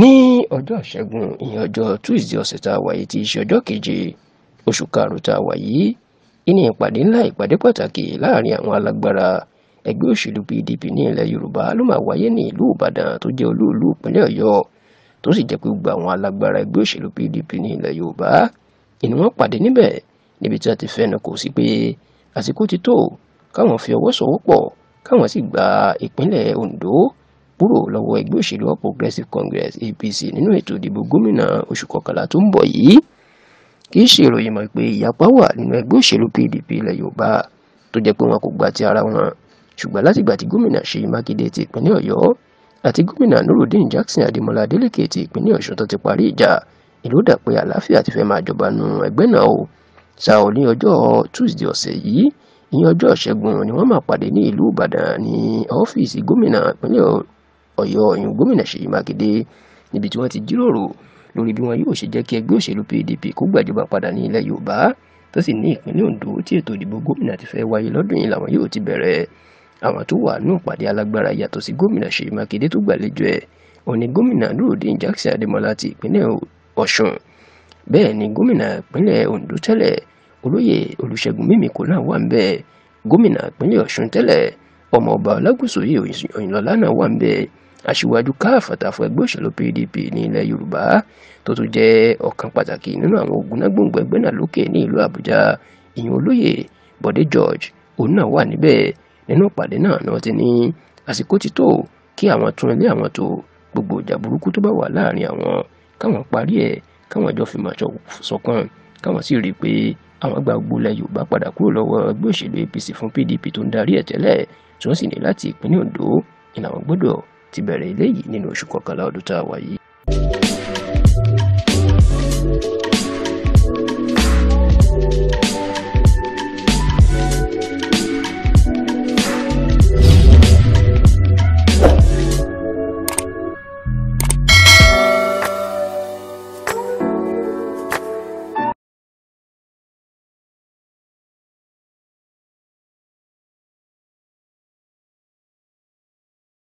ní ọjọ́ ìṣẹ́gun ìyẹn ọjọ́ tuesday ọ̀sẹ̀ tá a wà yìí ti ṣe ọjọ́ keje oṣù karùn-ún tá a wà yìí ìní ìpàdé ńlá ìpàdé pàtàkì láàrin àwọn alágbára ẹgbẹ́ òṣèlú pdp ní ilẹ̀ yorùbá ló máa wáyé ní ìlú ìbàdàn tó jẹ́ olúùlú ìpínlẹ̀ ọ̀yọ́ tó sì jẹ́ pé gbogbo àwọn alágbára ẹgbẹ́ òṣèlú pdp ní ilẹ̀ yorùbá ìní wọ́n pàdé níbẹ̀ níbi tí wọ́n ti fẹ́nu kò sí pé àsìkò ti tó káwọn fi ọwọ́ sọ̀wọ́ pọ̀ káwọn sì gba ìpínlẹ̀ ondo kúrò lọ́wọ́ ẹgbẹ́ òṣèlú All Progressives Congress APC nínú ètò ìdìbò gómìnà oṣù kọkànlá tó ń bọ̀ yìí kì í ṣe ìròyìn mọ̀ pé ìyapa wà nínú ẹgbẹ́ òṣèlú PDP ilẹ̀ Yorùbá tó jẹ́ pé wọn kò gba ti ara wọn ṣùgbọ́n látìgbà tí gómìnà Ṣèyí Mákindé ti ìpínlẹ̀ Ọ̀yọ́ àti gómìnà Nurudeen Jackson Adémọlá Adeleke ti ìpínlẹ̀ Ọ̀ṣun tó ti parí ìjà ìlú dà pé àlàáfíà ti fẹ́ máa jọba nu ẹgbẹ́ náà o ṣàò ní ọjọ́ Tuesday ọ̀sẹ̀ yìí ìyẹn ọjọ́ Ìṣẹ́gun ni wọ́n máa pàdé ní ìlú Ìbàdàn ní ọ́fíìsì gómìnà ìpínlẹ̀ ọ̀yọ́ ọ̀yún gómìnà ṣèyí mákindé níbi tí wọ́n ti jíròrò lórí bí wọn yóò ṣe jẹ́ kí ẹgbẹ́ òṣèlú pdp kó gbàjọba padà ní ilẹ̀ yorùbá tó sì ní ìpínlẹ̀ ondo tí ètò ìdìbò gómìnà ti fẹ́ wáyé lọ́dún yìí làwọn yóò ti bẹ̀rẹ̀ àwọn tó wà nù pàdé alágbára yàtọ̀ sí gómìnà ṣèyí mákindé tó gbàlejò ẹ̀ òní gómìnà nurudeen jackson adémọlá ti ìpínlẹ̀ ọ̀ṣun bẹ́ẹ̀ ni gómìnà ìpínlẹ̀ ondo tẹ́lẹ̀ olóyè olùṣègùn mímíkò náà wà ń bẹ̀ gómìnà ìpínlẹ̀ ọ̀ṣun tẹ́lẹ̀ ọmọọba ọlágùsù yìí òyìnlọ́lá náà wà ń bẹ̀ aṣíwájú káfàtà fún ẹgbẹ́ òṣèlú pdp ní ilẹ̀ yorùbá tó tún jẹ́ ọ̀kan pàtàkì nínú àwọn ògúnnágbòǹgbò ẹgbẹ́ náà lókè ní ìlú àbújá ìyẹn olóyè bọ̀dé george òun náà wà níbẹ̀ nínú ìpàdé náà náà ti ní àsìkò ti tó kí àwọn tún ilé àwọn tó gbogbo ìjà burúkú tó bá wà láàrin àwọn káwọn parí ẹ̀ káwọn jọ fìmọ̀ ṣọ̀kan káwọn sì rí i pé àwọn gba gbogbo ilẹ̀ yorùbá padà kúrò lọ́wọ́ ẹgbẹ́ òṣèlú apc fún pdp tó ń darí ẹ̀ tẹ́lẹ̀ tí wọ́n sì ní láti ìpínlẹ̀ ondo ìlànà gbọ́dọ̀ ti bẹ̀rẹ̀ eléyìí nínú oṣù kọkànlá ọdún tá a wà yìí